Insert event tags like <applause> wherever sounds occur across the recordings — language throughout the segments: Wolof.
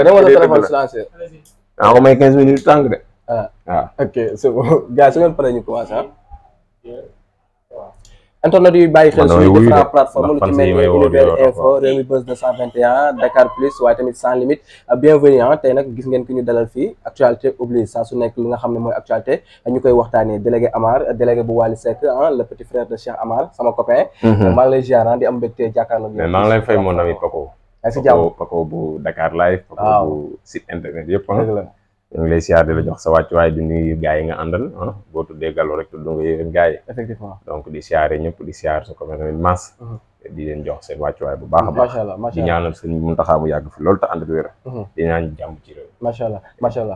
feneen wala téléphone silencieux. ah ko may 15 minutes tàng de. ah waaw ok c'est bon su ngeen paree ñu commencé ah. internet yu bàyyi xel suñu différentes plateformes lu ci mel ni univers info Rewmi Buzz 221 Dakar Plus waaye tamit sans limite ah, bienvenue ah nag gis ngeen ki ñu dalal fii actualité oblige saa su nekk li nga xam ne mooy actualité ñu koy waxtaanee délégué Amar ah, délégué bu Wali Seck ah le petit frère de Cheikh Amar sama copain. Mhm. maa ngi lay ziar ah, di am mbégte jàkkaarloo. yaa si jàmm Paco bu Dakar live. yëpp. Ah. ñu ngi lay siyaar di la jox sa wàccuwaay di nuyu yi nga àndal ah. boo tuddee Gallo rek tudd nga yéen gars yi. effectivement donc di siyaare ñëpp mm-hmm. bu baax a baax. macha allah macha allah di ñaanal sëñ yàgg fi loolu te ànd ak wér. Mm-hmm. di ñaan xam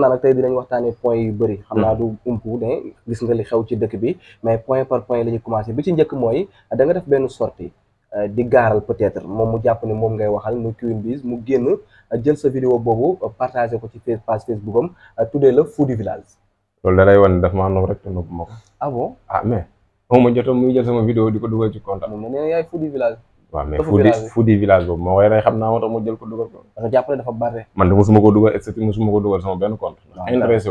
naa nag tey dinañ waxtaanee point yu xam naa mm. du ne gis nga ci dëkk bi mais point par point la ñuy commencé bi ci njëkk mooy da nga def benn sortie Euh, di gaaral peut-être moom mu jàpp ne moom ngay waxal mu Queen Biz mu génn euh, jël sa vidéo boobu euh, partagé ko ci page Facebook am tuddee la Fou du village. loolu da lay wan daf maa nopp rek te nopp ma ko. ah bon ah mais moom ma jotoon muy jël sama vidéo di ko dugal ci compte. moom nee na yaay Fou du village. waaw mais Fodé Fodé village boobu moo koy rey xam naa moo tax mu jël ko dugal ko. parce que jàppale dafa bari. man de mosuma ko dugal et cetera mosuma ko dugal sama benn compte. waaw intéressé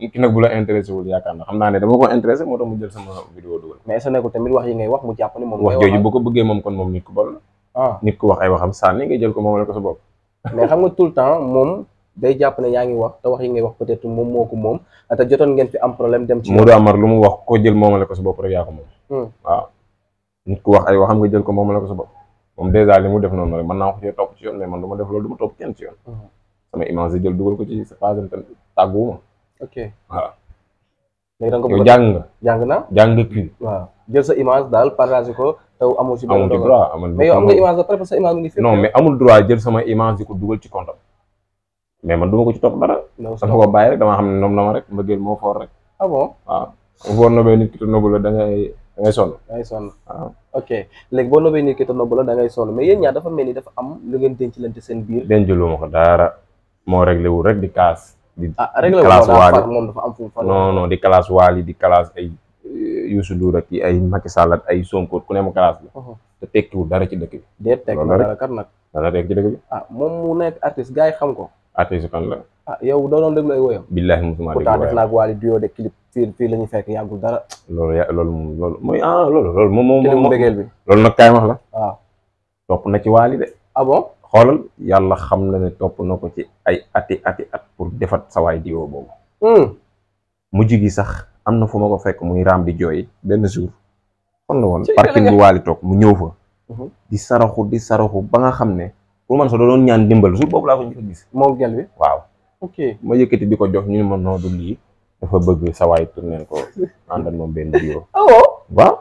ki nag bu la intéressé yaakaar na xam naa ne dama ko intéressé moo tax mu jël sama vidéo dugal. mais est nekkul tamit wax yi ngay wax mu jàpp ne moom. wax jooju bu ko ah. wax ay waxam sànni nga jël ko moomale ko sa bopp. mais xam nga tout le temps moom day jàpp ne yaa ngi wax te wax yi ngay wax peut moom moo ko moom te nit ku wax ay waxam nga jël ko moom la ko sa bopp moom dèjà li mu def noonu rek mën naa ko cee topp ci yoon mais man du hmm. ko ci sa page tam tàgguwuma. ok waaw. da nga ko jàng nga. na jàng nga kii. sa image daal partagé ko taw amul si. amul droit amul mais yow am nga image ba pare sa image mu ngi fi. non mais amul droit jël ko dugal mais man du ko ci topp dara. dafa ko bàyyi rek damaa xam ne noom na ma rek mbëggeel moo foor rek. ah bon nit ki te nobu la da da ngay sonn da ngay sonn waaw ok léegi boo nobee nit ki te nobbu la da ngay sonn mais yéen ñaar dafa mel ni dafa am lu ngeen denc leen ci seen biir denc lu ma ko daara moo réglé wul rek di kaas di ah, classe waali moom dafa am fu mu fa di classe waali di classe ay euh, Youssou Ndour ak ay Macky Sall ay Sonko ku ne ma classe uh-huh. ci dëkk bi déet tekkiwul dara nag dara tekk ci ah, moom mu nekk artiste gars yi xam ko at kan la. Ah, yow doo doon déglu ay woyam. billaahi musuma déglu def naa ak Wally de clip fii fii la ñu fekk yàggul dara. loolu loolu mooy ah loolu loolu moom moom. moom loolu nag kaay wax la. Ah. na ci Wally de. Ah xoolal yàlla xam na ne topp na ko ci ay ati ati at pour defat sa waay duo boobu. Hmm. mu gi sax am na fu ma ko fekk muy raam di jooy benn jour. kon la woon parking bi Wally toog mu ñëw fa. Mhm. di saraxu di saraxu ba nga xam ne. pour man sax da doon ñaan dimbal jour boobu laa ko njëkk a gis. moom gel bi waaw. ok ma yëkkati di ko jox ñu ne ma noo du lii dafa bëgg sa waay tourneel ko àndal moom benn bio. awoo ah waaw.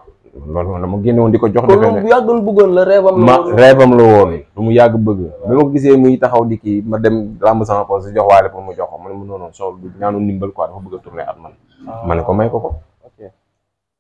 loolu moom dama génne di ko jox. defee ne bu yàggoon bëggoon la reebam la woon ma reebam la woon lu mu yàgg bëgg. mu ma ko gisee muy taxaw di kii ma dem làmb sama si jox waale pour mu jox ko ma ne ma noonu sool bu ñaanu ndimbal quoi dafa bëgg a tourné at man. Ah. ma ne ko may ko ko.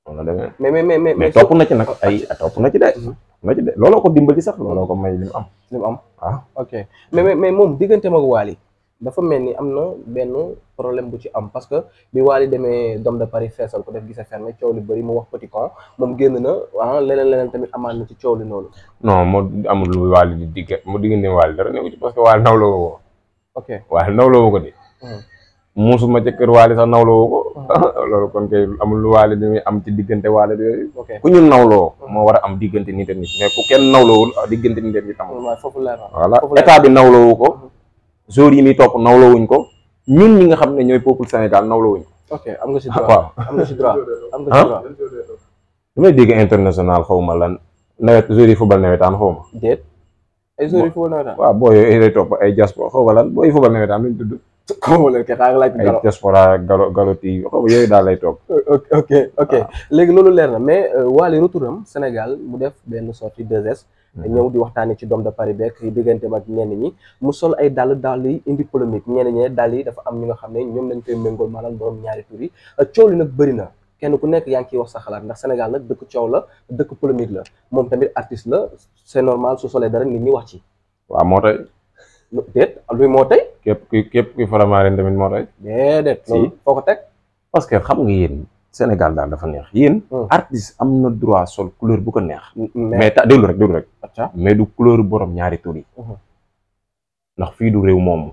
mais mais mais mais topp na ci nag ay ah, mhm. topp na ci de. looloo ko dimbali sax looloo ko may li mu am. li mu am waaw. Ah. ok mais mais mais moom digganteem ak Wally dafa mel ni am na benn problème bu ci am parce que bi Wally demee Dôme de Paris feesal ko def gis a fermé coow li bëri mu wax petit con moom génn na ah leneen leneen tamit amaat na ci coow li noonu. non moo amul lu Wally di digg mu diggante Wally dara newu ci parce que Wally nawloo woo. ok Wally nawloo woo muusuma ca kër waale sax nawloo ko <laughs> loolu kon kay amul lu waale li muy am ci diggante waale yooyu ku ñu nawloo moo war a am diggante nit ak nit mais ku kenn nawloowul ah, diggante nit ak nit amul voilà état bi nawloowu ko mhm. jour yi muy topp nawloowuñ ko ñun ñi nga xam ne ñooy peuple Sénégal nawlowuñ ko ok am nga si ah, droit waaw am nga si droit <laughs> am nga si droit damay dégg international xaw ma lan nawet jour yi football nawetaan xaw ma déet ay jour yi football nawetaan waaw boo yooyu lay topp ay diaspora xaw ma lan boo yi football nawetaan luñ tudd xawma ke xaaral laaj. ay diaspora galo daal lay toog. ok ok léegi loolu leer na mais euh, Wally retour am Sénégal mu def benn sortie 2S. Mhm. ñëw di waxtaanee ci Dôme de Paris yi diggante mag ñenn ñi mu sol ay dàll dàll yi indi polémique ñenn ñi dal yi dafa am ñu nga xam ne ñoom lañ koy méngool maanaam borom ñaari tur yi euh, coow li nag bëri na kenn ku nekk yaa ngi ciy wax sa xalaat ndax Sénégal nag dëkk coow la dëkk polémique la moom tamit artiste la c'est normal su solee dara nit ñi wax ci. waaw moo tax déet luy moo tey. képp kuy képp kuy Faramareen tamit moo tey. déedéet. si foo ko teg. parce que xam nga yéen Sénégal daal dafa neex yéen. Hmm. artiste am na droit sol couleur bu ko neex. Hmm, hmm, mais ta déglu rek déglu rek. mais du couleur borom ñaari tur ndax fii du réew moomu.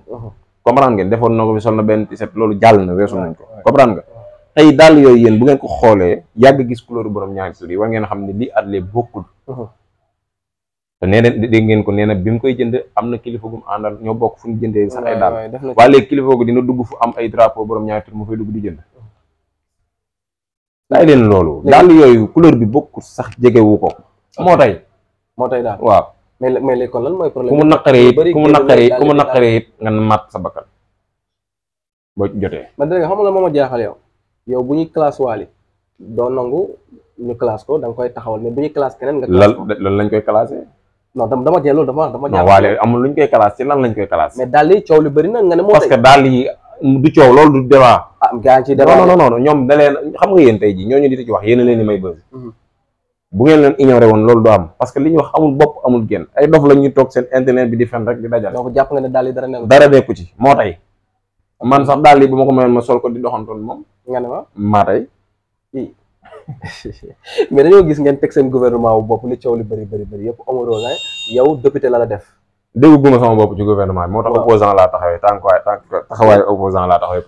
comprendre ngeen defoon na ko sol na benn tiset loolu jàll na weesu nañ ko. comprendre nga tey daal yooyu yéen bu ngeen ko xoolee yàgg gis couleur borom ñaari tur yi war ngeen xam ne lii at lee te nee na dégg ngeen ko nee na bi mu koy jënd am na kilifa gu mu àndal ñoo bokk fu ñu jëndee sax ay daal waaye léegi kilifa gu dina dugg fu am ay drapeau borom ñaari tur mu fay dugg di jënd daay leen loolu daal yooyu couleur bi bokkul sax jegewu ko moo tey moo tey daal waaw mais mais léegi kon lan mooy problème ku mu naqaree it ku mu naqaree it ku mu naqaree it nga mat sa bakkan boo jotee man dégg nga xam la moom a jaaxal yow yow bu ñuy classe waali doo nangu ñu classe ko da nga koy taxawal mais bu ñuy classe keneen nga lan lan lañ koy classé non dama jël loolu dama dama. non waaye amul lu ñu koy classé ci lan lañ koy classé. mais daal yi du coow loolu du débat. ah gaa ñoom da leen xam nga yéen tey jii ñu di ci wax yéen a leen di may bëri. Mhm. bu ngeen leen ignoré woon loolu du am parce que li ñu wax amul bopp amul génn ay dof lañ toog seen internet bi di fen rek di dajal. donc jàpp nga ne daal yi dara nekk. dara nekku ci moo tey man sax daal yi bu ma ko mayoon ma sol ko di doxantoon moom. maa tey mais dañoo gis seen gouvernement bu bopp li coow li bëri bëri bëri yëpp amuloo na yow député la la def. moo tax opposant laa taxawee tànkuwaay taxawaay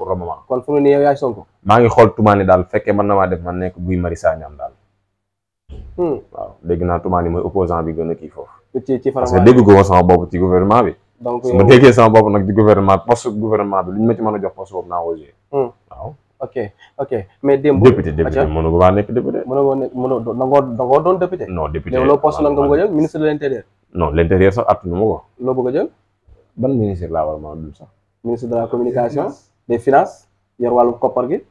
maa ngi xool Toumani daal fekkee mën na maa def man nekk Guy Marius Sagna am daal. Hmm. dégg naa Toumani mooy opposant bi gën a kii foofu. ci ci parce que dégguma sama bopp ci gouvernement bi. donc su ma déggee sama bopp nag ci gouvernement poste gouvernement bi lu ñu ma ci mën a jox poste boobu naa hmm. waaw ok ok mais démb. député député mënu ko baax nekk député. mënoo nekk mënoo nangoo nangoo doon député. non député loolu poste la nga bëgg a jël ministre de l' intérieur. non l' intérieur sax attu ñu ma ko. loo bëgg a jël. ban ministre laa war a mën a dul sax. ministre de la communication des finances yor wàllu koppar gi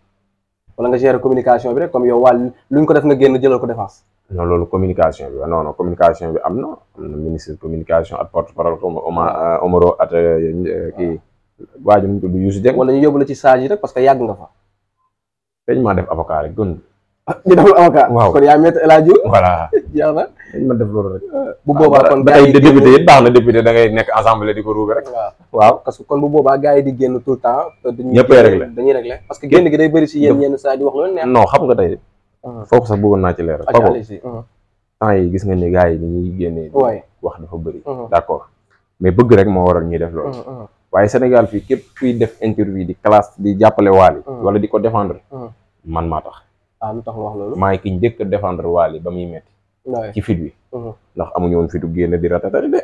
wala nga gérer communication bi rek comme yow wàll lu ñu ko def nga génn jëlal ko défense. non loolu communication bi non non communication bi am na am na ministre communication ak porte parole comme ah. euh, Omaro at euh, kii ah. waajum du Youssou Dieng. wala ñu yóbbu la ci saaj yi rek parce que yàgg nga fa. dañ maa def avocat rek gën. ah <laughs> avocat. waaw kon yaa métti El Hadj Diouf. voilà <laughs> jeex na. dañ ma def loolu rek. Ah, bu boobaa kon gars yi député baax na député da ngay nekk assemblée di ko ruube rek. parce que kon bu boobaa gars yi di génn tout le temps. ñëppay réglé dañuy parce que génn gi day bëri si yéen saa di wax loolu neex. non xam nga tey. Ah. foofu sax bëggoon naa ci leer. ak ah. temps yi gis nga ni gars yi dañuy génnee. wax dafa bëri. d' accord mais bëgg rek moo waral ñuy def loolu. waaye Sénégal fii képp kuy def interview di classe di jàppale Wally hmm. wala di ko défendre hmm. man maa tax ah lu tax wax loolu maay ki njëkk a défendre Wally ba muy metti ci fit wi hmm. ndax amuñu woon fitu génn di ratatari de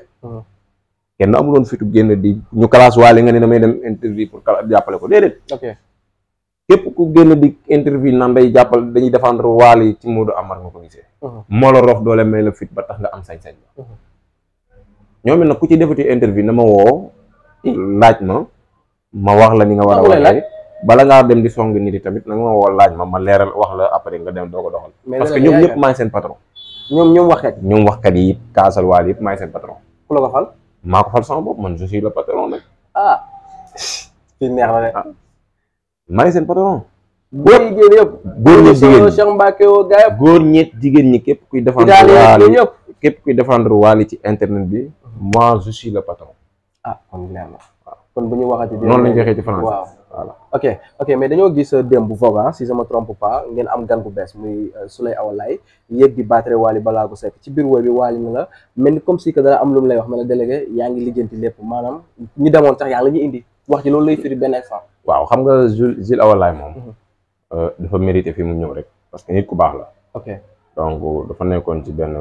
kenn amul génn di ñu classe Wally nga ne damay dem interview pour jàppale ko déedéet képp ku génn di interview nan day jàppal dañuy défendre Wally ci Modou Amar nga ko gisee moo la rof doole may la fit ba tax nga am sañ-sañ ba ñoom it nag ku ci defati interview na ma woo laaj ma ma wax la ni nga war a waxee bala ngaa dem di song nit yi tamit na nga ma laaj ma ma leeral wax la après nga dem doo ko doxal parce que ñoom ñëpp maay seen patron ñoom ñoom waxkat ñoom waxkat yi it kaasal waal yëpp maay seen patron ku la ko fal maa ko fal sama bopp man je suis le patron ah. neex na de ah. maay seen patron góor ñi jigéen góor ñi jigéen Mbacke gaay góor ñeet ñi képp kuy défendre waali képp kuy défendre waali ci internet bi moi je suis le patron ah kon leer na waaw kon bu ñu waxati. noonu la ñu waxee ci français waaw voilà. ok ok mais dañoo gis euh, démb Vogue ah, si sama trompe pas ngeen am gan gu bees muy euh, Souley Awa Laye yéeg di battre balaa Ballago Seck ci biir wooy bi Wally na la mel ni comme si que dara am lu mu lay wax ma ne délégué yaa ngi lijjanti lépp maanaam ñi demoon sax yaa ngi la ñuy indi wax ji loolu lay firi benn instant. waaw xam nga Jules Jules Awa Laye moom. Mhm. Euh, dafa mérité fi mu ñëw rek parce que nit ku baax la. ok donc dafa nekkoon ci benn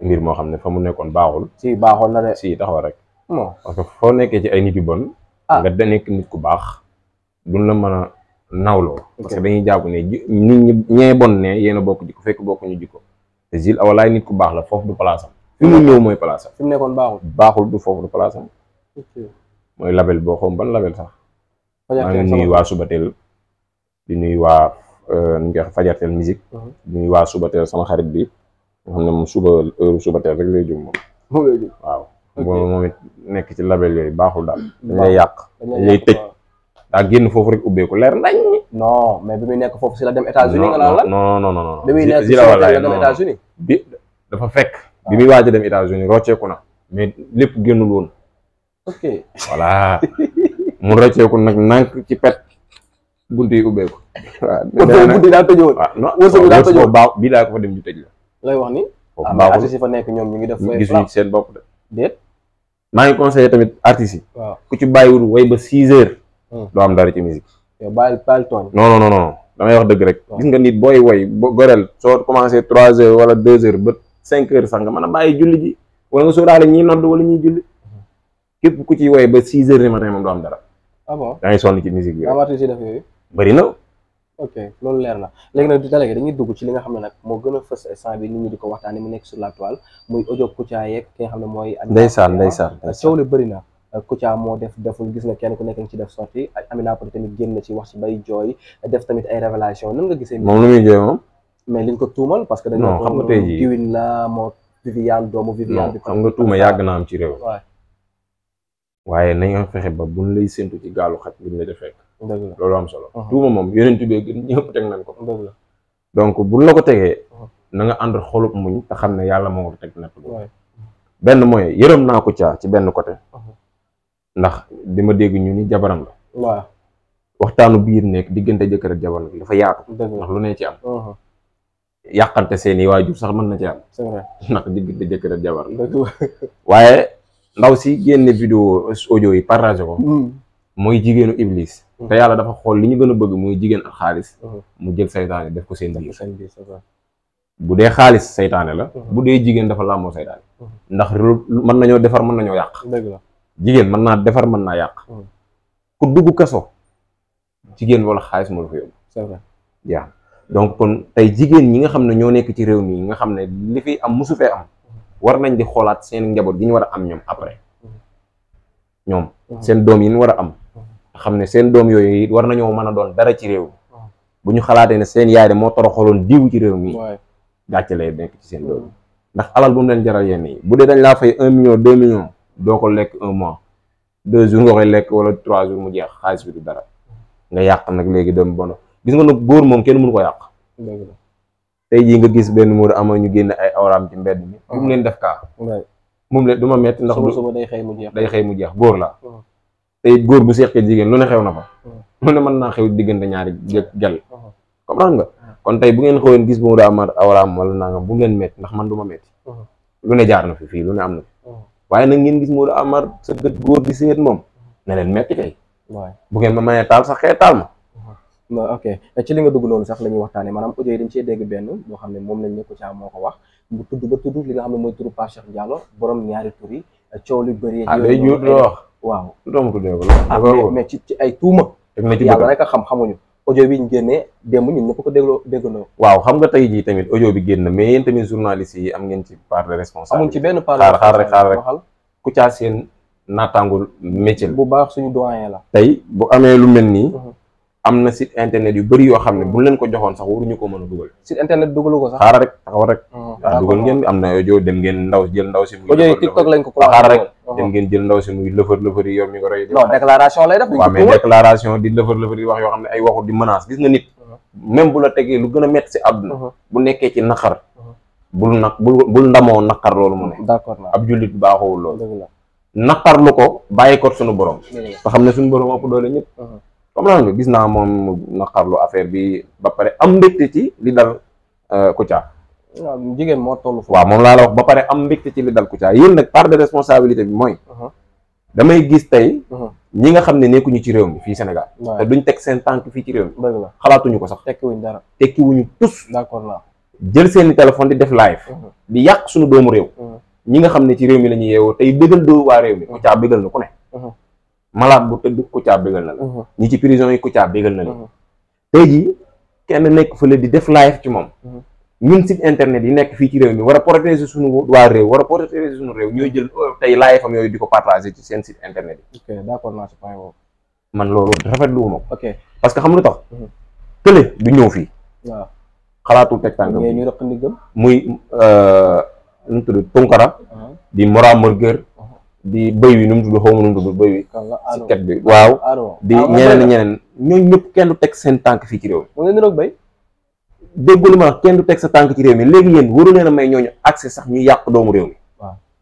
mbir moo xam ne fa mu nekkoon baaxul. si baaxoon na de si taxaw rek. non parce que foo nekkee ci ay nit yu bon. Ah. nga da nekk nit ku baax duñ na mën a nawloo. parce que dañuy jàpp ne nit ñi ñee bon ne yéen a bokk jikko fekk bokkuñu jikko te Jules Awalaay nit ku baax la foofu du place fi mu ñëw mooy place am. fi mu nekkoon baaxul baaxul du foofu du place mooy label boo xam ban label sax. maa ngi nuyu waa Subatel di nuyu waa euh, nu ñuy wax musique di nuy waa Subatel sama xarit bi nga xam ne moom suba heure Subatel rek lay jóg moom. boobu moom it nekk ci label yooyu baaxul daal. Hmm. dañ yàq dañ lay foofu rek ubbeeku leer nañ. non mais bi muy nekk foofu si la dem États-Unis nga naan la non no non non. bi muy nekk si fekk. bi muy ah. waaj a dem États-Unis rocceeku na. mais lépp génnul woon. ok voilà mu rocceeku nag nànk ci pet. bunt yi ubbeeku. waaw bunt yi daa tëjoon. waaw wërsëg bi daa tëjoon baax bii daa ko fa dem ñu tëj la. lay wax ni. foofu ah, baaxul fa nekk ñoom ñu ngi def. gisuñu seen bopp de. maa ngi conseillé tamit artistes yi. waaw ku ci bàyyiwul way ba six heures. Hmm. doo am dara ci musique. yow bàyyi bàyyi tooñ. non non non damay wax dëgg rek. gis nga nit booy woy bo gorel soo commencé trois heures wala deux heures ba cinq heures sax nga mën a bàyyi julli ji wala nga sóoraale ñiy nodd wala ñuy julli képp ku ci woy ba six heures ma matin moom doo am dara. ah bon da sonn ci musique bi. bëri na. ok loolu leer na léegi nag du léegi dañuy dugg ci li nga xam ne nag moo gën a fës instant bi nit ñi di ko waxtaanee mu nekk su la toile muy audio Kouthia yeeg ki nga xam ne mooy. ndeysaan ah, ndeysaan coow li bëri na. Euh, Kouthia moo def deful gis nga kenn ku nekk ci def sorti ak Amina Poté tamit génn na ci wax ci bay jooy def tamit ay révélation nan nga gisee. moom lu muy jooy moom. mais liñ ko tuumal parce que. dañu ko xam nga tey jii diwin la moo Viviane doomu Viviane. xam nga tuuma yàgg naa am ci réew. waaye nañu fexe ba buñ lay séntu ci gaalu xaj buñ la defee dëgg loolu am solo. tuuma moom yonent bi gën ñëpp teg nañ ko. la donc bu la ko tegee. na nga ànd xolub muñ te xam ne yàlla moo ko teg natt boobu. benn mooy yërëm naa ko caa ci benn côté. ndax di ma dégg ñu ni jabaram la. waaw waxtaanu biir nekk diggante jëkkër ak jabar dafa yaatu. ndax lu ne ci am. yàqante seeni waa waajur sax mën na ci am. <laughs> c'est vrai ndax diggante jëkkër ak jabar la. waaye ndaw si génne vidéo audio yi partagé ko. Hmm. mooy jigéenu Iblis. te yàlla dafa xool li ñu gën a bëgg muy jigéen ak xaalis mu jël saytaane def ko seen biir bu dee xaalis seytaane la bu dee jigéen dafa làmboo saytaane ndax mën nañoo defar mën nañoo yàq dëgg jigéen mën naa defar mën naa yàq ku kaso jigéen wala xaalis moo la fa donc kon tey jigéen ñi nga xam ne ñoo nekk ci réew mi nga xam ne li fi am musu fee am war nañ di xoolaat seen njaboot gi ñu war a am ñoom après ñoom seen doom yi ñu war a am xam ne seen doom yooyu it war nañoo mën a doon dara ci réew mi bu ñu xalaatee ne seen yaay de moo toroxaloon diw ci réew mi gàcce lay nekk ci seen doom ndax alal bu mu leen jaral yenn yi bu dee dañ laa fay un million deux millions doo ko lekk un mois deux jours nga koy lekk wala trois jours mu jeex xaalis bi du dara nga yàq nag léegi dem bon gis nga nag góor moom kenn mënu ko yàq tey jii nga gis benn muur ama ñu génn ay awraam ci mbedd mi bu mu ah. leen def moom leen du ma metti ndax day xëy mu jeex góor la ah. te góor bu seqee jigéen lu ne xew na fa hmm. lu ne man naa xew diggante ñaari hmm. gel hmm. comprendre nga kon tey bu ngeen xëwoon gis bu mu daa mar awra am bu mu leen metti ndax man du ma metti lu ne jaar na fi fii lu ne am na fi waaye nag ngeen gis moo da amar sa gët góor di moom na leen metti kay bu ngeen ma mënee taal sax xee taal ma ok ci li nga dugg noonu sax la ñuy waxtaanee maanaam audio yi dañ cee dégg benn boo xam ne moom lañ ne ko caa moo ko wax bu tudd ba tudd li nga xam ne mooy turu Pape Cheikh Diallo borom ñaari tur yi coow lu bëri ah, wax waaw lu tax mu tuddee ko loolu. Ah, mais ci ci ay tuuma. yàlla rek xam xamuñu. ojo bi génnee démb ñun ñëpp ko dégloo déggandoo. waaw xam nga tey jii tamit audio bi génn mais yéen tamit journaliste yi am ngeen ci part de responsable. amuñ ci benn part de responsable xaar xaar rek Kouthia Sène naataangul métier bu baax suñu doyen la. tey bu amee lu mel nii. Mhm. am na site internet yu bëri yoo xam ne bu leen ko joxoon sax waruñu ko mën a dugal. site internet dugalu ko sax. xaaral rek taxawal rek. waaw mhm. ah, dugal ngeen am na audio dem ngeen ndaw jël ndaw si. audio yi TikTok lañ ko xaaral rek. Uh-huh. dem ngeen jël ndaw si muy lëfër lëfër yi yor mi ko rey non déclaration lay def waaw mais déclaration di lëfër lëfër yi wax yoo xam ne ay waxu di menace gis nga nit uh-huh. même bu la tegee lu gën a métti si àdduna uh-huh. bu nekkee ci naqar bul ndamoo naqar loolu mu ne ab jullit baaxowul loolu naqar lu ko bàyyi ko suñu borom te xam ne suñu borom ëpp doole ñëpp comme naa nga gis naa moom naqarlu affaire bi ba pare am mbégte ci li dal euh, Kouthia waaw jigéen moo toll foofu. waaw moom laa la wax ba pare am mbégte ci li dal Kouthia yéen nag part de responsabilité bi mooy. Uh-huh. damay gis tey. Uh-huh. ñi nga xam ne nekkuñu ci réew mi fii Sénégal. te duñ teg seen tànk fii ci réew mi. la xalaatuñu ko sax. tekkiwuñ dara tekkiwuñu tus. la jël seeni téléphone di def live. Uh-huh. di yàq suñu doomu réew. ñi nga xam ne ci réew mi la ñuy yeewoo tey bëggal doo waa réew mi. Kouthia bëggal na ku ne. malade bu tëdd Kouthia bëggal na la. ñi ci prison yi Kouthia bëggal na la. tey kenn nekk fële ñun site internet yi nekk fii ci réew mi war a protéger waa réew war a protéger suñu réew ñooy jël euh, tey live am yooyu di ko partager ci seen site internet yi. ok d'accord naa ci point boobu. man loolu rafetlu wu ma ko. parce que xam lu tax. kële mhm. du ñëw fii. waaw xalaatul teg tànk ñu rëq ndigam muy euh, nu mu tudd Tunkara. Mhm. di Mora mhm. di bëy wi nu mu tudd xaw ma nu mu tudd bëy wi. si ket bi waaw. di ah, ñeneen ñeneen ñooñu ñëpp kenn du teg seen tànk fii ci réew mi. déggul ma kenn du teg sa tànk ci réew mi léegi yéen waru a may ñooñu accès sax ñu yàq doomu réew mi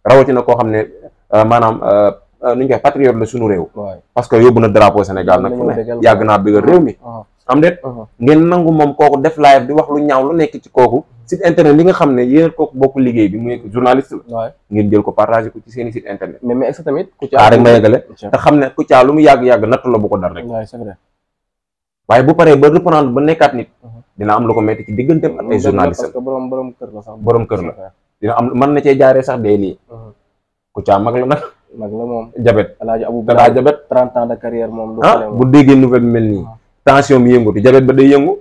rawatina koo xam ne euh, maanaam euh, nu ñu koy patriote la suñu réew parce que yóbbu na drapeau Sénégal nag fu ne yàgg naa bëggal réew mi uh-huh. am uh-huh. moom kooku def live di wax lu ñaaw lu nekk ci kooku site internet li nga xam ne yéen kooku bokk liggéey bi mu nekk journaliste la ngeen jël ko partagé ko ci seeni site internet mais mais est-ce que tamit Kouthia rek lu mu yàgg-yàgg nattu la bu ko dar rek waaye bu paree ba reprendre ba nekkaat nit uh-huh. dina am lu ko metti ci digganteem ak ay journaliste parce que borom borom kër la sax borom kër la dina am mën na cee jaaree sax dee nii ku caa mag la nag mag la moom jabet alaaji abu daa jabet trente ans carrière moom ah, bu déggee nouvelle mel nii tension bi yëngutu jabet ba day yëngu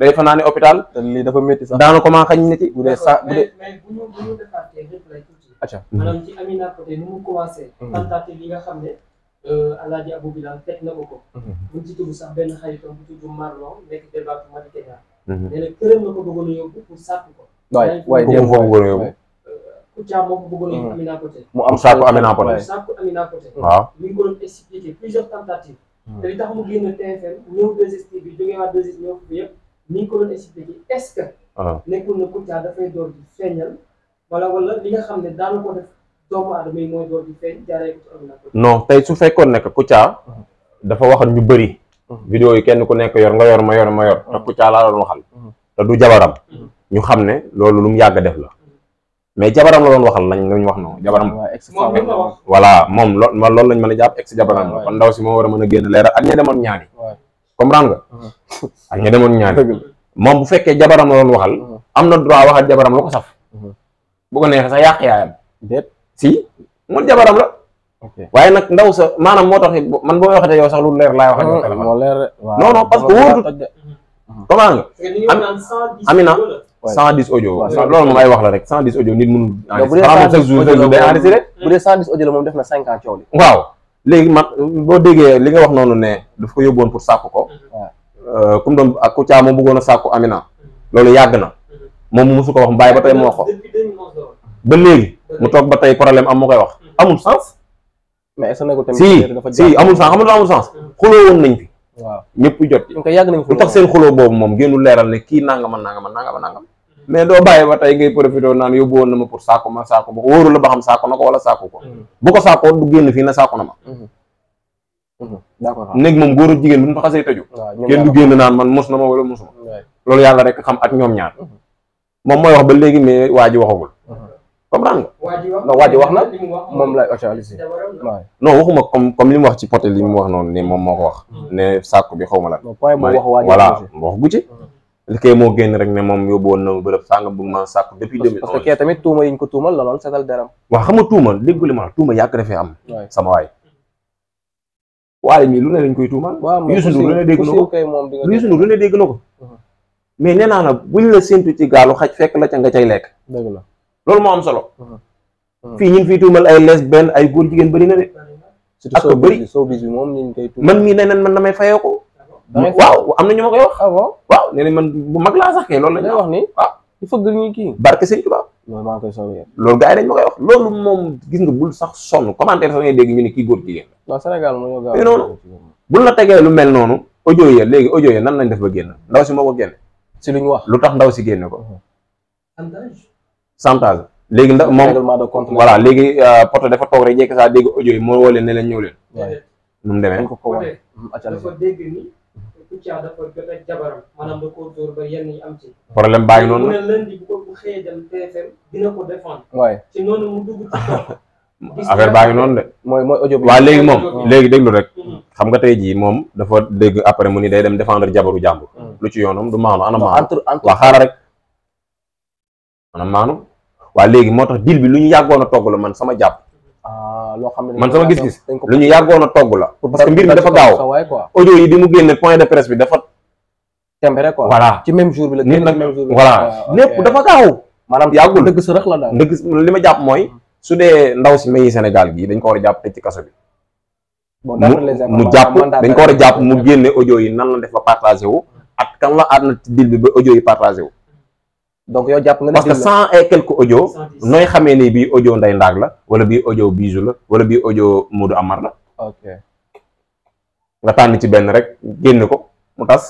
day fanaane hôpital te lii dafa métti sax daana ko xañ na bu dee sa bu dee acca mmh. maanaam ci Amina Poté ni mmh. euh, mmh. bu tudd Marlon nee mhm. na këram la ko bëggoon a yóbbu pour sàkk ko. waay waay démb ko bëggoon a yóbbu. ko bëggoon a yóbbu Amina Poté. mu am sàkku Amina Poté. mu sàkku waaw mi ko doon expliqué plusieurs tentatives. Mhm. te li mu génn TFM ñëw ko doon expliqué est-ce que. Ah. nekkul na Kouthia dafay door di feeñal wala wala li nga xam ne daanu ko def doomu aadama yi mooy door di feeñ jaaree ko su fekkoon nekk que Kouthia mhm. dafa waxoon ñu bëri vidéo yi kenn ku nekk yor nga yor ma yor ma yor te ku caalaa doon waxal te du jabaram ñu xam ne loolu lu mu yàgg def la mais jabaram la doon waxal lañ lañ wax noonu jabaram voilà moom lo loolu lañ mën a jàpp ex jabaram la ndaw si moo war a mën a génn leeral ak ña demoon ñaani comprendre nga <laughs> ak ña demoon ñaani moom bu fekkee jabaram la doon waxal uh-huh. am na droit waxal jabaram la ko saf uh-huh. bu ko neexee sax yàq yaayam déet moom jabaram la waaye nag ndaw sa maanaam moo tax man boo waxatee yow sax lu leer laay wax ak parce que wóorut comment nga amina cent dix audio loolu moom ay wax la rek cent dix audio nit mënul enregistré chaque jour chaque jour bu dee cent dix audio la moom def na cinq ans waaw léegi man boo déggee li nga wax noonu ne daf ko yóbboon pour ko comme euh, doon ak ku caa moom bëggoon a sàkku amina loolu yàgg na moom mosu ko wax mbaay ba tey moo ko ba léegi mu toog ba tey problème am mu koy wax mm. amul sens mais est-ce que tamit dafa si si amul sens amul amul sens xuloo woon nañ fi. waaw ñëpp jot ci. yàgg nañ xuloo lu tax seen xuloo boobu moom génnul leeral ne kii nangama nangama nangama nangama. mais doo bàyyi ba tey ngay profité naan yóbbu woon na ma pour saako ma saako ba wóoru la ba xam saako na ko wala saako ko. Mm-hmm. bu ko saakoo du génn fii na saako na ma. Mm-hmm. Mm-hmm. d'accord néeg moom góor ak jigéen bu ñu fa xasee tëju. du génn naan man mos na ma wala mosuma. loolu yàlla rek xam ak ñoom ñaar. moom mooy wax ba léegi mais comprendre nga non waa wax na moom lay actualisé non waxuma comme comme li mu wax ci poté li mu wax noonu ne moom moo ko wax hmm. ne sàkku bi xaw ma la voilà wax gu ci li hmm. kay moo génn rek ne moom yóbbu woon na bërëb sàngam bu ma sàkku depuis que tamit tuuma ko tuumal la loolu setal deram waaw xam nga ma tuuma yàgg dafee am sama waay waale mii lu ne lañ koy tuumal Youssou Ndour lu ne dégg ko Youssou lu ne dégg na ko hmm. mais nee naa la buñ la séntu ci gaalu xaj fekk la ca nga cay lekk dëgg la loolu moo am solo. fii ñu ngi fiy tuumal ay lesbiennes ay góor jigéen na de. ak ko bëri showbiz bi moom ñu ngi koy man mii nee nañ man damay fayoo am na ñu ma koy wax. Ah waaw nee nañ man bu mag laa la wax ni waaw il faut que ñu kii. barke sëñ Tuubaa. loolu maa ngi loolu gars yi dañ gis nga bul sax sonn commentaire sax ngay dégg ñu ne kii góor jigéen la. moo ñoo noonu bul la tegee lu mel noonu audio ya léegi audio ya nan lañ def ba génn ndaw si moo ko génne si lu ñu wax lu tax ndaw si génne ko chantage léegi ndax moom voilà léegi euh, poto dafa toog rek jekk saa dégg audio yi moo woo leen ne leen ñëw leen demee dafa dégg ni baa ngi noonu mu <laughs> mooy mooy audio léegi moom léegi déglu rek mm-hmm. xam nga tey jii moom dafa dégg après mu ni day dem défendre jabaru jàmbur mm. lu ci yoonam du maanu ana maanu waa rek ana maanu waa léegi moo tax deal bi lu ñu yàggoon a togg la man sama jàpp ah, loo xam ne man sama gis-gis lu ñu yàggoon a togg la parce que mbir mi dafa gaaw audio yi di mu génne point de presse bi dafa tempéré quoi voilà ci même jour bi la nit nag voilà lépp dafa gaaw maanaam yàggul dëgg sa rëx la daal dëgg li ma jàpp mooy hmm. su dee ndaw si mayi Sénégal gii dañ ko war a jàpp tëj ci kaso bi mu jàpp dañ ko war a jàpp mu génne ojo yi nan la def ba partagé wu ak kan la ànd na ci bi ba ojo yi partagé wu donc yow jàpp nga ne parce que cent et quelques audio nooy xamee ni bii audio Ndeye Ndack la wala bii audio Bijou la wala bii audio Modou Amar la nga tànn ci benn rek génn ko mu tas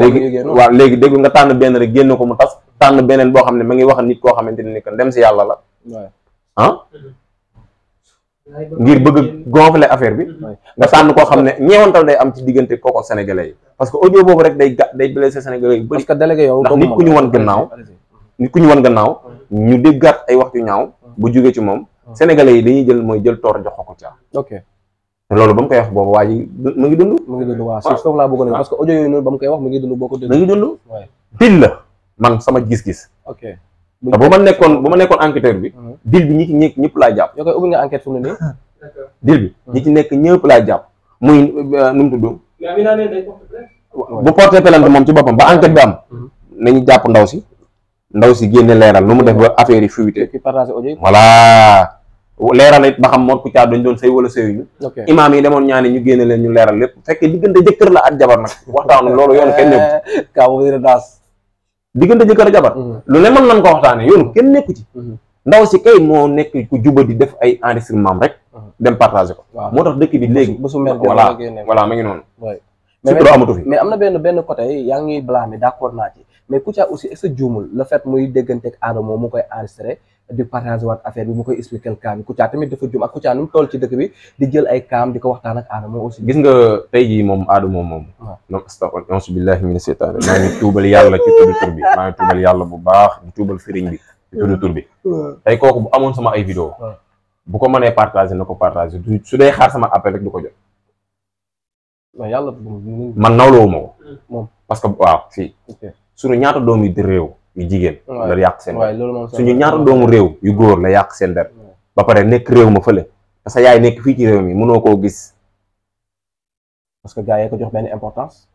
léegi waaw léegi dégg nga tànn benn rek génn ko mu tas tànn beneen boo xam ne ma ngi wax nit koo xamante ne ni que ndem si yàlla la ah ngir bëgg gonfler affaire bi nga tànn koo xam ne ñeewantal day am ci diggante kooko sénégalais yi parce que audio boobu rek day ga day blessé sénégalais yu bëri ndax nit ku ñu wan nit ku ñu wan gannaaw ñu déggaat ay wax yu ñaaw bu jógee ci moom sénégalais yi dañuy jël mooy jël toor jox ko ca ok loolu ba mu koy wax boobu waa ji mu ngi dund mu ngi dund waaw si koy wax mu ngi dund boo ko dégg mu ngi dund la man sama gis-gis ok te bu ma nekkoon bu ma nekkoon enquêteur bi dil bi ñi ci nekk ñëpp laa jàpp yoo koy ubbi nga enquête fu bi ñi ci nekk ñëpp laa jàpp muy euh, nu mu tudd bu porté plainte moom ci boppam ba enquête bi am mhm. nañu jàpp ndaw si ndaw si génne leeral nu mu def ba affaire yi fuité voilà leeral it ba xam Mor Kouthia dañ doon sëy wala sëyuñu imaam yi demoon ñaani ñu génne leen ñu leeral lépp fekkee diggante jëkkër la ak jabar nag waxtaan <laughs> loolu yoon kenn nekku kaa boobu dina daas diggante jëkkër ak mhm. ko waxtaane yoon kenn ci mhm. ndaw si kay moo nekk ku juba di def ay enregistrement rek mhm. dem partagé ko moo tax dëkk bi léegi voilà voilà ma ngi noonu surtout amatu fi mais am na benn benn côté yaa ngi blâmé d'accord naa ci mais Kouthia aussi est-ce juumul le fait muy dégganteeg Adamo mu koy enregistré di partage waat bi mu koy expliqué leen kaam Kouthia tamit dafa juum ak Kouthia nu mu toll ci dëkk bi di jël ay kaam di ko waxtaan ak Adamo aussi. gis nga tey jii moom Adamo moom. waaw donc astafurlah auzu billaahi mina seytaane <laughs> bu baax di tuubal bi ci tudd amoon sama ay bu ko mënee partagé na ko partagé su dee xaar sama appel rek du ko jot. waaw yàlla ma ko. moom parce que waaw fii. suñu ñaata doom yu réew yu jigéen la yàq seen der suñu ñaata doomu réew yu góor la yàq seen der ba pare nekk réew ma fële parce yaay nekk fii ci réew mi mënoo koo gis parce que gars yi ko jox benn importance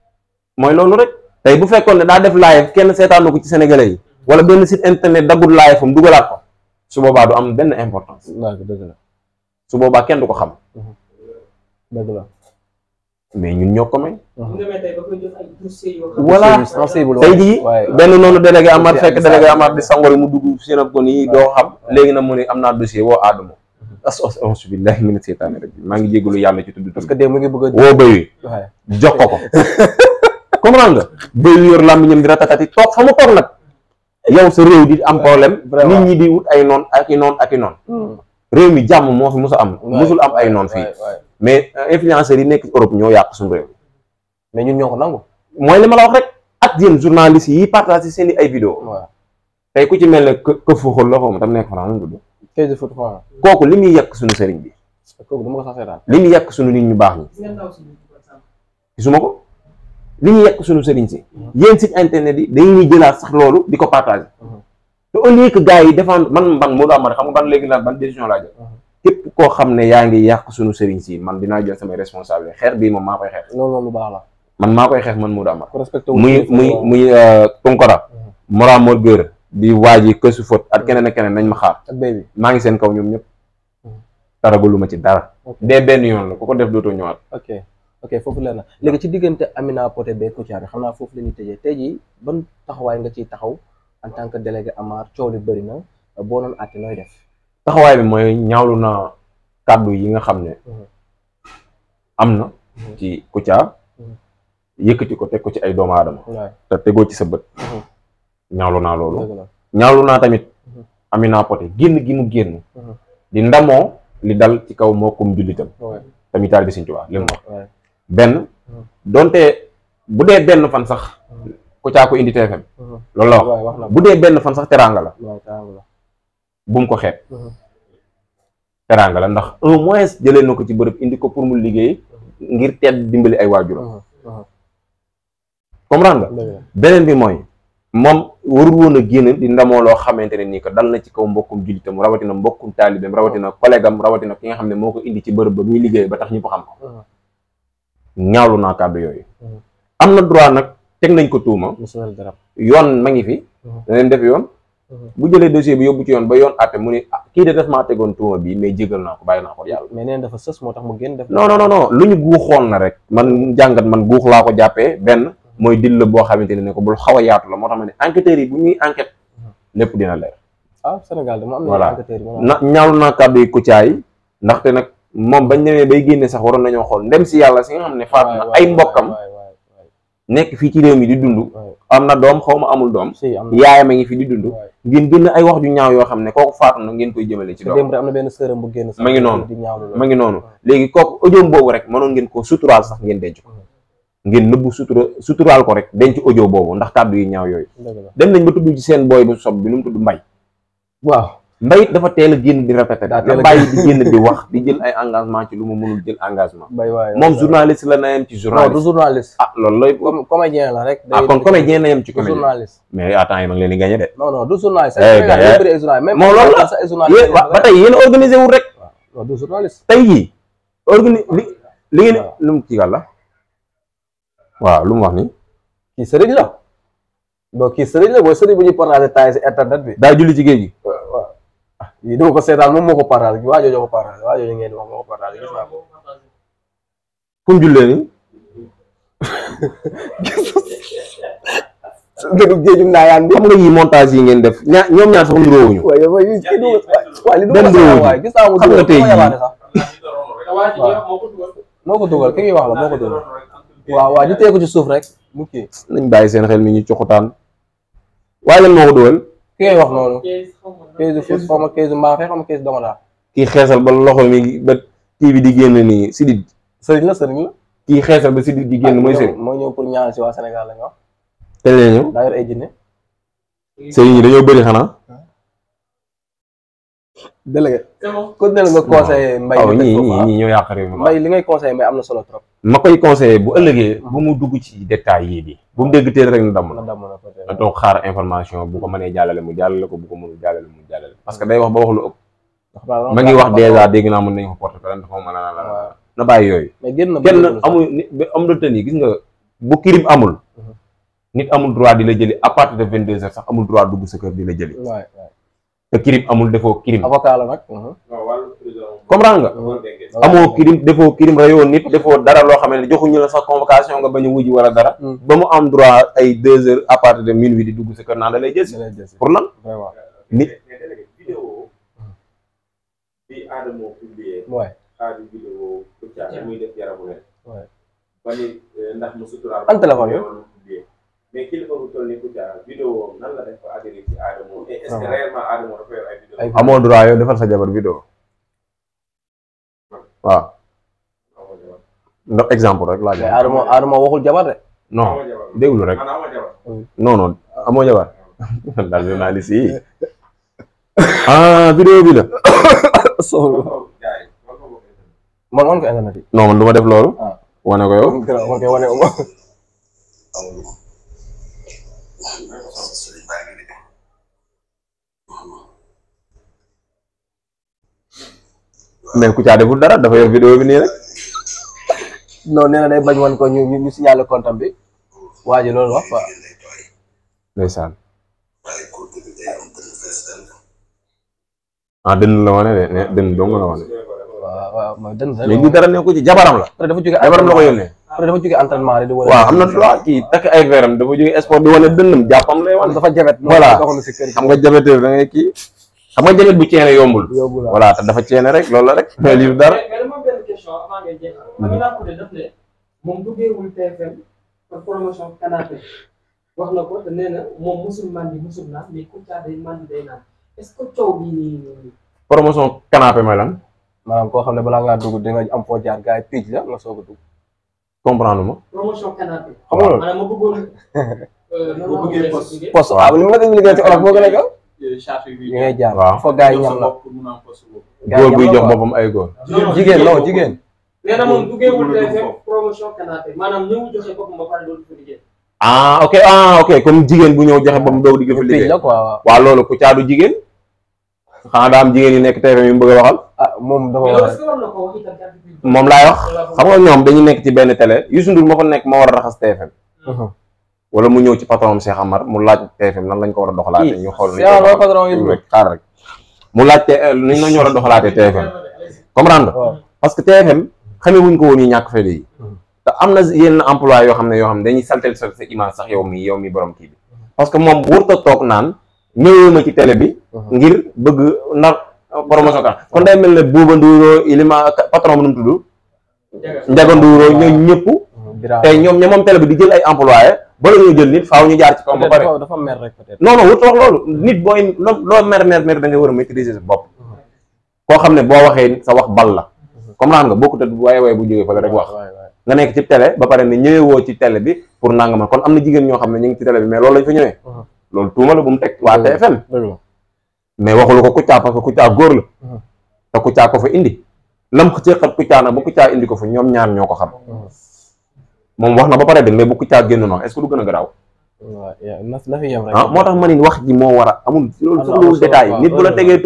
mooy loolu rek tey bu fekkoon ne daa def live kenn seetaanu ko ci sénégalais yi wala benn site internet daggul live am dugalaat ko su boobaa du am benn importance su boobaa kenn du ko xam mhm. la mais ñun ñoo ko may. voilà tey jii benn noonu délégué Amar fekk délégué Amar di sangor yi mu dugg seen ak gon yi doo xam léegi na mu am naa dossier woo Adama. Mhm. asu billahi mina seytaani maa ngi jégalu yàlla ci tudd. que dee mu ngi bëgg a woo béy wi jox ko ko. <laughs> comprendre nga béy wi yor làmmiñam di ratatati toog fa mu toog nag eh. yow sa réew di am problème. nit ñi di wut ay noon ak i noon ak i noon. Hmm. réew mi jàmm moo fi musu am. musul am ay noon fii. mais influenceurs yi nekk Europe ñoo yàq suñu réew. mais ñun ñoo ko nangu. mooy li ma la wax rek ak yéen journalistes yi partagé seen i ay vidéo tey ku ci mel ne kë fooxul la foofu tam nekk fanaan lañ kooku li muy yàq suñu sëriñ bi. kooku dama ko sax seetaan. li muy yàq suñu nit ñu baax ñi. gisuma ko. li ñuy yàq suñu sëriñ si. Mm-hmm. yéen site internet yi dañuy jëlaat sax loolu di ko partagé. Mm-hmm. te au lieu que gars yi défendre man man Modou Amar xam nga ban léegi laa jël uh-huh. koo xam ne yaa ngi yàq suñu sëriñ si man dinaa jël samay responsable xeex bii moom maa koy xeex loolu lu baax la man maa koy xeex man Modou Amar muy muy muy Tunkara Mora Mor Gueye di waaji kësu fot ak uh-huh. keneen keneen nañ ma xaar maa ngi seen kaw ñoom ñëpp taragalu uh-huh. ma ci dara dee benn yoon la ku ko def dootoo ñëwaat foofu leer na léegi ci diggante Amina Poté ba Kouthia bi xam naa foofu la ñuy tëjee tey jii ban taxawaay nga ciy taxaw en tant que délégué Amar coow li taxawaay bi mooy ñaawlu naa kàddu yi nga xam ne. Mhm. am na. Mhm. ci Kouthia. Mhm. yëkkati ko teg ko ci ay doomu aadama. te tegoo ci sa bët. ñaawlu naa loolu. ñaawlu naa tamit. Amina Poté génn gi mu génn. di ndamoo li dal ci kaw mbokkum jullitam. tamit taalibe Sëriñ Tuubaa li mu benn donte bu dee benn fan sax. Kouthia ko indi TFM. Mhm. loolu la wax bu dee benn fan sax teraanga la. bu mu ko xeet mhm. teraanga la ndax au moins jëlee na ko ci bërëb indi ko pour mu liggéey mhm. ngir tedd dimbali ay waajuram. comprendre nga beneen bi mooy moom warul woon a génn di ndamoo loo xamante ne nii que dal na ci kaw mbokkum jullitam rawatina mbokkum taalibeem rawatina collègue am rawatina ki nga xam ne moo ko indi ci bërëb ba muy liggéey ba tax ko xam ko. ñaawlu naa kàddu yooyu. am na teg nañ ko tuuma yoon ma ngi fi uh-huh. na def yoon uh-huh. bu jëlee dossier bi yóbbu ci yoon ba yoon àtte mu ne ah kii de def maa tegoon tuuma bi mais jégal naa ko bàyyi naa ko yàlla mais dafa sës moo tax mu génn def non non lu ñu guuxoon na rek man jàngat man guux laa ko jàppee benn mooy dil boo xamante ne ne ko bul xaw a yaatu la moo tax ma ne enquêteurs yi bu ñuy enquête uh-huh. lépp dina leer ah Sénégal de mu am na enquêteurs yi na ñaawlu naa kàddu yi Kouthia yi ndaxte nag moom bañ demee bay génne sax waroon nañoo xool ndem si yàlla si nga xam ne faat na ay mbokkam nekk fii ci réew mi di dund am na doom xaw ma amul doom yaayam a ngi fi di dund ngeen génn ay wax ju ñaaw yoo xam ne kooku faatu na ngeen koy jëmale ci doom am na benn sërëm bu génn ma ngi noonu ma ngi noonu léegi kooku audio boobu rek mënoon ngeen ko suturaal sax ngeen denc ko mm-hmm. ngeen nëbbu sutura suturaal ko rek denc audio boobu ndax kàddu yi ñaaw yooyu dem nañ ba tudd ci seen booy bu sob bi nu mu tudd mbay waaw mbayit dafa teel a génn di répété daa a bàyyi di génn di wax di jël ay engagement ci lu mu mënul jël engagement moom journaliste la na yem ci journaliste ah loolu lay comédien la rek ah kon comédien na mais attends yi ma ngi leen di gagné de non non du journaliste eh, eh. moom loolu la ba tey yéen a organisé rek tey jii li ngeen lu mu kii la waaw lu mu wax nii kii sëriñ la donc kii sëriñ la booy sëriñ bu ñuy bi daa julli ci géej lii dama ko seetaan moom moo ko partage ah, waa jooju ko partage waa ah, jooju ngeen wax moo ko partage gis naa ko fu mu jullee nii dëgg géejum naa yaan bi xam nga yii montage yi ngeen def ñaa ñoom ñaar sax nduroowuñu xam nga moo ko dugal ki ngi wax la moo ko dugal waaw waaw ñu teg ko ci suuf rek mu kii nañ bàyyi seen xel mi ñu coxutaan waaye lan moo ko dugal ki ngay wax noonu keesu fus xaw ma kii xeesal ba loxo mi ba kii bi di génn nii sidit sëriñ la sëriñ la kii xeesal ba sidit di génn mooy sëriñ mooy ñëw pour ñaanal si waa Sénégal lañu wax te lee ñëw daa yor dañoo bëri xanaa délégué la nga conseillé mbay ñi ñi ñoo mbay li ngay conseillé mbay am na solo trop ma koy conseillé bu ëllëgee bu mu dugg ci détails yii bi bu mu dégg teel rek na damm na na toog xaar information bu ko mënee jàllale mu jàllale ko bu ko mënul jàllale mu jàllale parce que day wax ba wax ma ngi wax dèjà dégg naa mën nañu ko porte plainte dafa mën a la na bàyyi yooyu kenn amul am de yi gis nga bu crime amul mhm. nit amul droit di la jëli à partir de vingt deux heures sax amul droit dugg sa kër di la jëli te crime amul defoo crime. avocat la nag. Uh-huh. comprendre nga. amoo crime defoo crime rayoo nit defoo dara loo xam ne joxuñu la sax convocation nga bañ a wujji wala dara. Mm. ba mu am droit ay deux heures à partir de minuit di dugg sa kër naan da lay jël si. pour lan nit. bi eh, mu suturaal. an yooyu. mais kilifa ah. amoo droit defal sa jabar vidéo waaw. ndax exemple rek laa joxe. Adamo jabar non déglu rek non non amoo jabar. <laughs> daal journaliste yi <laughs> ah vidéo bi la. <coughs> man wan ko internet non man du def loolu. Ah. wane ko yow. <laughs> wane ko mais ku caa deful dara dafa yor vidéo bi nii rek. non nee na day bañ woon ko ñu ñu signalé compte bi waa loolu wax quoi. ndeysaan. ah dënn la wane de ne dënn dong la wane. waaw waaw dara ne ko ci jabaram la. dafa jóge jabaram la ko yónnee. après dafa jógee entraînement rek di wane. waaw am na droit kii takk ay veram dafa jógee sport di wane dënnam jàppam lay wane. dafa jabet voilà xam nga jabetee da xam nga jabet bu ceene yombul. yombul te dafa ceene rek loolu la rek. <laughs> mais lii dara hmm. moom duggeewul TFM pour promotion canapé wax na day mandi day naan est-ce que coow bii nii. koo xam ne balaa ngaa dugg di am foo jaar gars yi picc la nga soog a dugg. comprendre ma. promotion canal bi. xam nga loolu maanaam ma bëggoon. Euh, <laughs> ma bëggee poste. olof moo gën a gaaw. chartes yi ngay jaar waaw foo gars góor buy jox boppam ay góor. jigéen non jigéen. ah ok ah ok comme jigéen bu ñëw joxe boppam doog di. dafa liggéey waaw loolu ku caadu jigéen. xanaa daa jigéen yu nekk TFM yi bëgg a waxal. ah moom dafa war moom laay wax xam nga ñoom dañu nekk ci benn télé Youssou Ndour moo fa nekk moo war a raxas TFM hmm. wala mu ñëw ci patron Cheikh Amar mu laaj TFM lañ ko war a doxalaatee xool rek xaar mu laaj te eh, nañ la ñu war a doxalaatee TFM comprendre parce que TFM xamee wuñ ko woon yi ñàkk fayda yi hmm. te am na yenn emploi yoo xam ne yoo xam ne dañuy saltel sa sa image sax yow mi yow mi borom kii bi hmm. parce que moom wurta toog naan ñëwee ma ci télé bi ngir bëgg nar promotion kan kon day mel ne Bouba Ndouroo Ilima patron bi nu mu tudd. Ndiaga Ndouroo ñoom ñëpp. tey ñoom ña moom bi di jël ay employé ba la ñuy jël nit faaw ñu jaar ci kaw ba pare dafa mer rek peut-être loo mer mer mer da ngay war a bopp koo xam ne boo waxee sa wax bal la comme naan nga bokkut ak waaye waaye bu jógee fa la rek wax nga nekk ci télé ba pare ne ñëwewoo ci télé bi pour nangama kon am na jigéen ñoo xam ne ñu ngi ci télé bi mais loolu lañ fa ñëwee loolu tuuma la bu mu teg waa TFM mais waxulu ko Kouthia parce que Kouthia góor la te Kouthia ko fa indi lam ko cee xat Kouthia nag ba indi ko fa ñoom ñaar ñoo ko xam moom wax na ba pare de mais bu Kouthia génn noonu est-ce que du gën a garaaw ah moo tax ma ni wax ji moo war a amul ah, loolu soxlawul détail nit bu la tegee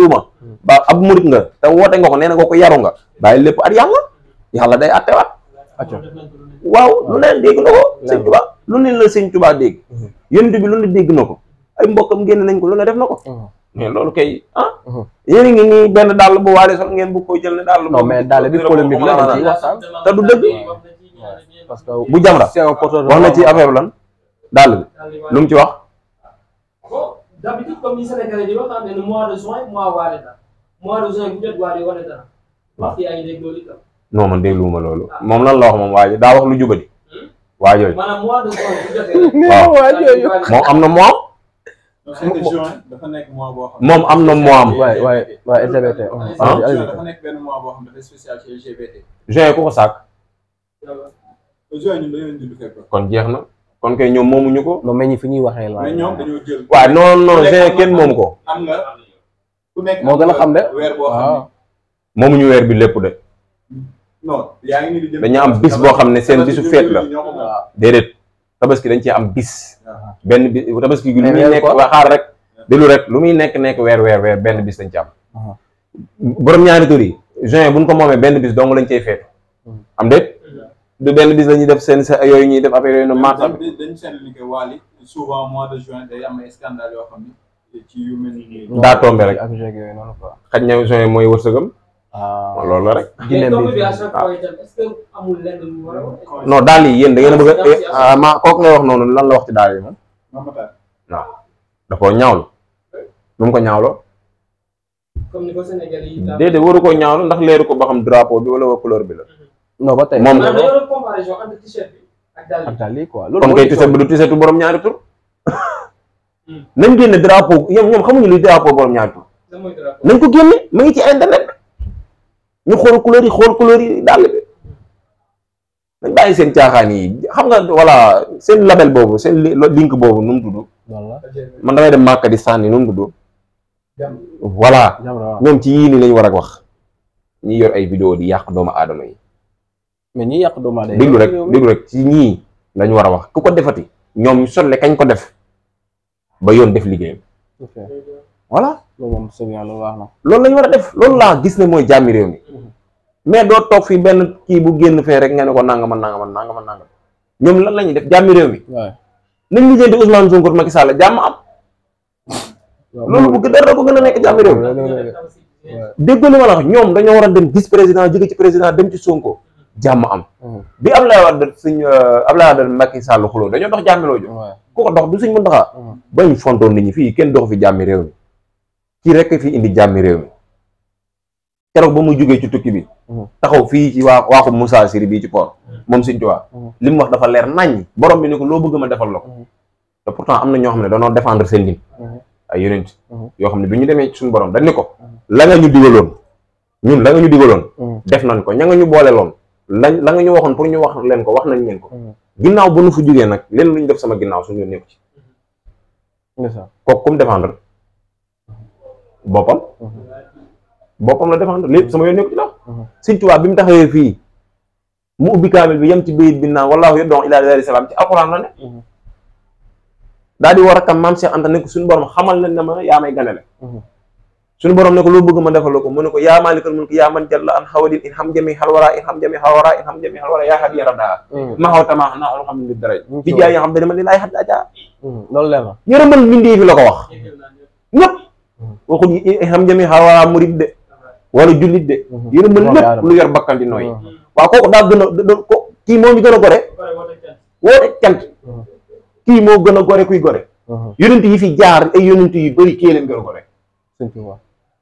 ba ab murit nga te woote nga ko nee na nga ko yaru nga bàyyi lépp at yàlla yàlla day attewaat waaw lu leen dégg na ko sëñ Tuubaa lu ne la sëñ Tuubaa dégg bi lu ne dégg na ko ay mbokkam génn nañ ko lu ne def na ko mais loolu kay ah. Uh-huh. yéen a nii benn dàll bu waale sax ngeen bu ko jël ne dàll. non mais dàll bi polémique la parce que bu jamra wax na ci affaire lan dàll bi lu mu ci wax. d'habitude comme ni ah, loolu ah. moom lan la wax moom daa wax lu jubadi. Hmm? <laughs> waa jooju moom am na mois. moom am na mois am. waay waay waay juin ku ko sàkk. Euh, kon jeex na. kon kay ñoom moomuñu ko. non mais ñi fi ñuy waxee la. mais ñoom dañoo juin kenn moomu ko. moo gën a xam de. weer moomuñu weer bi lépp de. yaa ngi nii dañu am bis boo xam ne seen bisu feet la. déedéet. tabaski dañ ce am bis. benn bis tabaski gi lu muy nekk waa xaar rek. delu rek lu muy nekk nekk weer weer weer benn bis dañ ci am. borom ñaari tur yi juin bu ñu ko moomee benn bis dong lañ cey feetu. Hmm. am déet du benn bis la ñuy def seen sa yooyu ñuy def affaire yooyu noonu. mars am dañ mois de juin day am ay scandale yoo xam daa tombé rek ak juin yooyu noonu quoi. xaj na juin mooy wërsëgam. Ah. loolu la rek. jilem bi waaw non daal yi yéen da ngeen a bëgg a eh, ah, ma kooku ngay wax noonu lan la wax ci daal yi moom. waaw da koo ñaawlu. nu ko ñaawloo. comme ni ko Sénégal waru ko ñaawlu ndax leeru ko ba xam drapeau bi wala couleur bi la. Mhm. non ba tey moom la comparaison entre bi ak daal yi quoi loolu kon kay t du t-shirtu borom ñaari tur. Mhm. nañ génne drapeau ñoom ñoom xamuñu luy drapeau borom ñaari tur. nañ ko génne mu ngi ci internet. ñu xool couleur yi xool couleur yi dàll bi dañ bàyyi seen caaxaan yi xam nga voilà seen label boobu seen link boobu nu mu tudd. man damay dem màkk di sànni nu mu tudd. voilà ñoom ci yii nii lañ war a wax ñi yor ay vidéo di yàq dooma aadama yi. mais ñi yàq doomu aadama rek déglu rek ci ñii lañ war a wax ku ko defati ñoom solle kañ ko def ba yoon def liggéeyam. voilà loolu moom sëñ yàlla wax loolu lañ war a def loolu laa gis ne mooy jàmmi réew mi. mais doo toog fii benn kii bu génn fee rek nga ne ko nangama nangama nangama nangama ñoom lan la ñuy def jàmmi réew mi. waaw nañ lijjanti Ousmane Sonko Macky Sall jàmm am. loolu bu dara ko gën a nekk jàmmi réew mi. dégg li ma la wax ñoom dañoo war a dem vice président jóge ci président dem ci Sonko jàmm am. Mm. bi Abdoulaye Wade suñ euh, Abdoulaye Wade Macky Sall xuloo dañoo dox jàmmi loo jóg. ku ko dox du suñ mën doxaa. Mm. bañ fontoon nit ñi fii kenn dox fi jàmmi réew mi. kii rek fi indi jàmmi réew mi. keroog ba mu jógee ci tukki bi mhm. taxaw fii ci waa waaxu Moussa Siri bii ci port mhm. moom Sëñ Tuubaa mhm. li mu wax dafa leer naññ borom bi ni ko loo bëgg ma defal la ko te pourtant am na ñoo xam ne danoo defendre seen din ay yonent yoo xam ne bi ñu demee ci suñu borom dañ ni ko la nga ñu digaloon ñun la nga ñu digaloon def na nañ ko ña nga ñu boole loon lañ la nga ñu waxoon pour ñu wax leen ko wax nañ leen ko ginnaaw ba nu fu jógee nag leen lu ñu def sama ginnaaw suñu nekku ci kooku comme défendre boppam boppam la défendre lépp sama yoon uh-huh. bi mu taxawee fii mu ubbi kaamil bi yem ci bayit bi naan wallaahu yoddoon ilaa daari salaam ci alxuraan la ne uh-huh. daal di a kam maam Cheikh Anta ne ko suñu borom xamal leen na ma yaa may ganale uh-huh. borom ne ko loo bëgg ma defal ko mu ne ko yaa maalikal mulki yaa man jalla an xawadin in xam jami xalwara in xam jami xalwara in xam jami xalwara yaa xat yara daa ma la ko wax ñëpp waxul in xam jami xalwara murid de wala jullit de yërëm mhm. lépp lu yor bakkan di nooy mhm. waaw kooku daa gën a ko kii moo ñu gën a gore woote cant mhm. kii moo gën a gore kuy gore yonent yi fi jaar ay yonent yu bëri kii leen gën a gore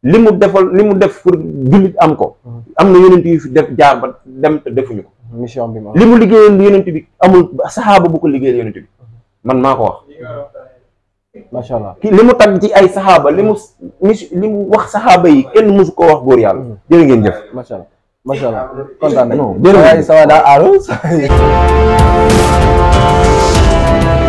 li mu defal li mu def pour jullit am ko am na yonent yu fi def jaar ba dem te defuñu ko mission bi li mu liggéeyal yonent bi amul saxaaba bu ko liggéeyal yonent bi man maa ko wax macha li mu tagg ay saxaaba li mu li mu wax saxaaba yi kenn mësu ko wax góor yàlla mm-hmm. jërë ngeen jëf macha allah macha allah kontaan nañu <laughs>